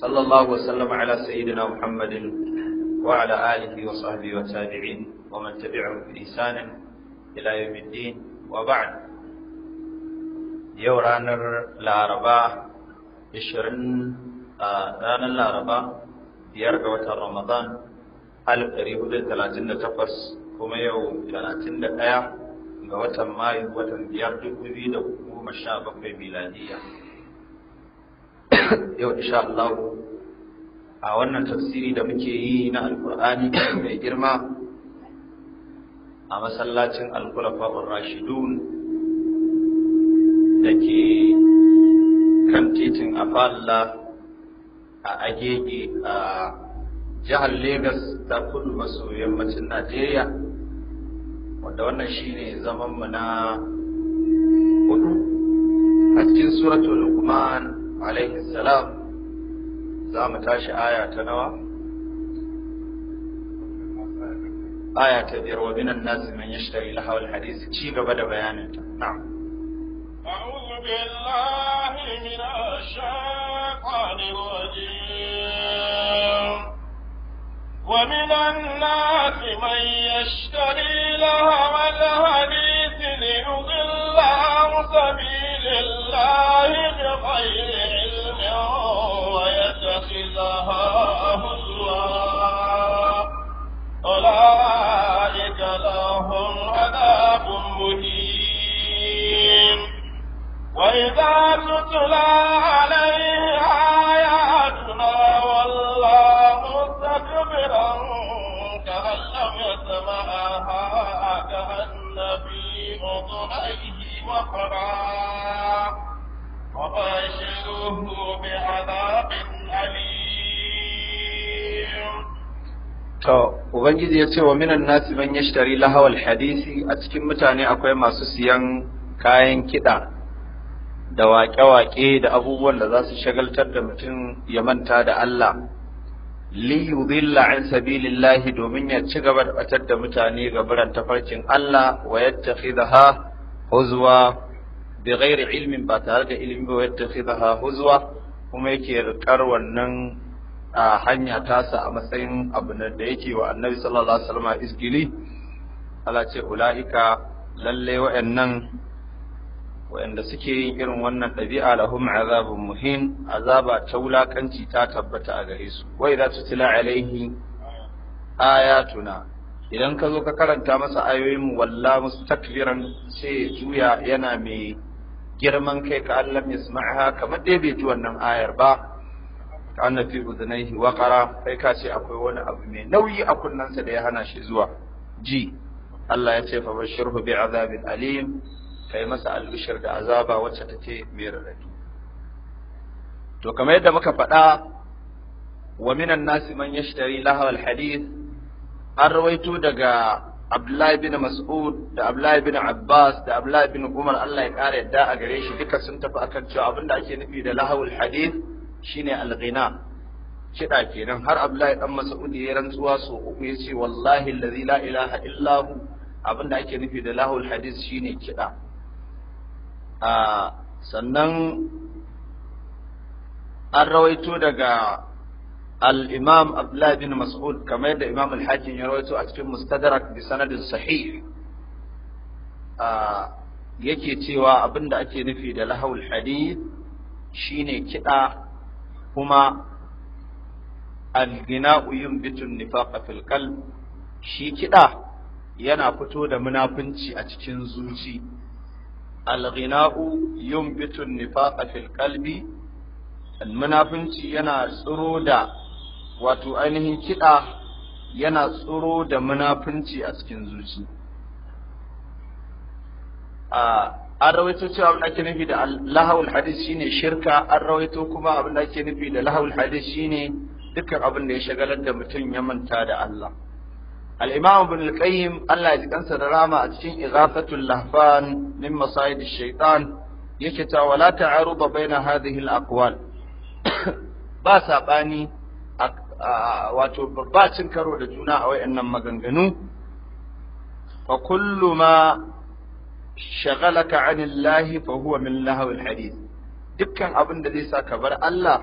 صلى الله وسلم على سيدنا محمد وعلى آله وصحبه والتابعين ومن تبعهم بإحسان إلى يوم الدين وبعد يو رانر لاربا عشرين رانر لاربا بيرجع وتر رمضان ألف قريب ثلاثين تقص كما يو ثلاثين دقيقة ga watan Mayu watan biyar dubu biyu da goma sha bakwai miladiya. yau insha Allah a wannan tafsiri da muke yi na alkur'ani mai girma a masallacin alkulafa'ur rashidun da ke kan titin afalla a agege a jihar Legas ta kudu maso yammacin Najeriya wanda wannan shine zamanmu na hudu a cikin suratul Luqman عليه السلام زام تاشي آية تنوى آية تبير ومن الناس من يشتري لها والحديث كيف بدأ بيانه نعم أعوذ بالله من الشيطان الرجيم ومن الناس من يشتري لها والحديث ليضل عن سبيل الله بغير الله الله عذاب وإذا عليه آياتنا والله مستكبرا كأن كأن في وقرا وبشره بعذاب أليم To, Ubangiji ya ce wa minan nasi man yashtari lahawal hadisi a cikin mutane akwai masu siyan kayan kiɗa da waƙe-waƙe da abubuwan da za su shagaltar da mutum ya manta da Allah. Li yudilla an sabilillahi domin ya ci gaba da batar da mutane ga buran tafarkin Allah wa yattakhidha huzwa bi ghairi ilmin ba tare da ilimi ba yattakhidha huzwa kuma yake rikar wannan a hanya tasa a matsayin abu da yake wa annabi sallallahu alaihi wasallam isgili Allah ce ulaika lalle wa'annan wa'anda suke yin irin wannan dabi'a lahum azabun muhin azaba ta wulakanci ta tabbata a gare su wa idza tutla alaihi ayatuna idan ka zo ka karanta masa ayoyin mu walla mustakbiran sai juya yana mai girman kai ka Allah ya sama'a kamar dai bai ji wannan ayar ba kana fi udhnayhi waqara kai ka ce akwai wani abu mai nauyi a sa da ya hana shi zuwa ji Allah ya ce fa bashirhu bi azabin alim kai masa albishir da azaba wacce take mai radadi to kamar yadda muka faɗa wa minan nasi man yashtari lahal alhadith an rawaito daga Abdullahi ibn Mas'ud da Abdullahi ibn Abbas da Abdullahi ibn Umar Allah ya ƙara yadda a gare shi duka sun tafi akan cewa abinda ake nufi da lahawul hadith shine al-ghina kiɗa kenan har Abdullahi dan Mas'ud ya rantsuwa so uku yace wallahi allazi la ilaha illa hu abinda ake nufi da lahul hadis shine kiɗa a sannan an rawaito daga al-Imam Abdullah bin Mas'ud kamar yadda Imam al-Hakim ya rawaito a cikin Mustadrak bi sanadin sahih a yake cewa abinda ake nufi da lahul hadis shine kiɗa kuma algina'u yin nifaqa fil qalb shi kida yana fito da munafunci a cikin zuci alghina'u yumbitun nifaqa fil qalbi munafunci yana tsiro da wato ainihin kida yana tsiro da munafunci a cikin zuci an rawaito cewa abin da ake nufi da lahawul hadis shine shirka an rawaito kuma abin da ake nufi da lahawul hadis shine dukkan abin da ya shagalar da mutum ya manta da Allah al-imam ibn al-qayyim Allah ya ji kansa da rama a cikin ighathatul lahfan min masayid ash-shaytan yake ta wala ta'aruda baina hadhihi al-aqwal ba sabani wato babacin karo da juna a wayannan maganganu fa kullu ma shagalaka anillahi fa huwa min lahawil hadith dukkan abin da zai sa ka bar Allah